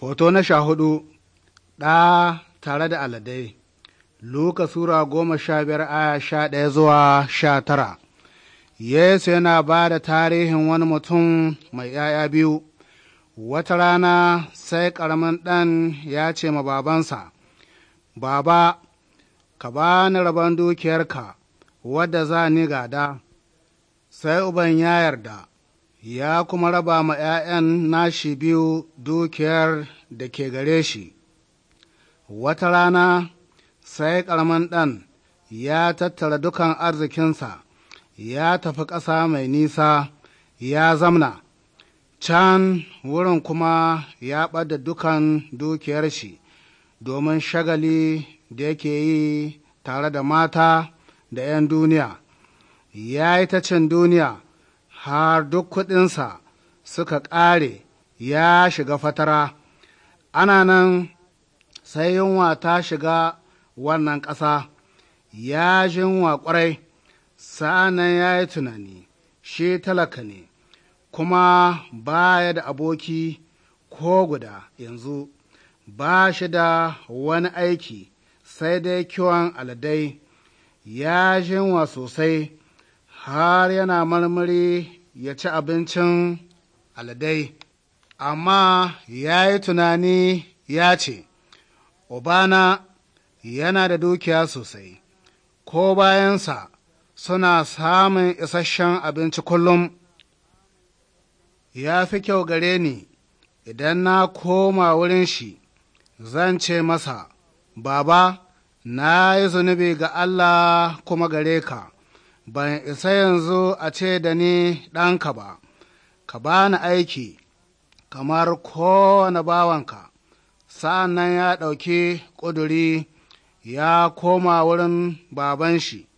Foto na sha hudu ɗa tare da aladai Luka Sura goma sha biyar aya sha ɗaya zuwa sha tara Yesu yana ba da tarihin wani mutum mai ‘ya'ya biyu, wata rana sai ƙaramin ɗan ya ce ma babansa, Baba, ka ba ni rabon dukiyarka wadda za ni gada, sai uban ya yarda. ya kuma raba ma ’ya'yan nashi biyu dukiyar da ke gare shi, wata rana sai ƙaramin ɗan ya tattara dukan arzikinsa, ya tafi ƙasa mai nisa, ya zamna, can wurin kuma ya ɓada dukan dukiyar shi domin shagali da yake yi tare da mata da ’yan duniya, ya yi ta cin duniya. har duk kuɗinsa suka ƙare ya shiga fatara, ana nan sai yunwa ta shiga wannan ƙasa, ya jinwa ƙwarai, sa'anan ya yi tunani, shi talaka ne, kuma baya da aboki ko guda yanzu, ba shi da wani aiki sai dai kiwon aladai, ya jinwa sosai har yana marmari ya ci abincin aladai, amma ya yi tunani ya ce, Obana yana da dukiya sosai, ko bayansa suna samun isasshen abinci kullum. Ya fi kyau gare ni idan na koma wurin shi, zan ce masa, Baba, na yi zunubi ga Allah kuma gare ka. ban isa yanzu a ce da ni ɗanka ba, ka bani aiki kamar kowane bawanka, sa'an nan ya ɗauki ƙuduri ya koma wurin baban shi,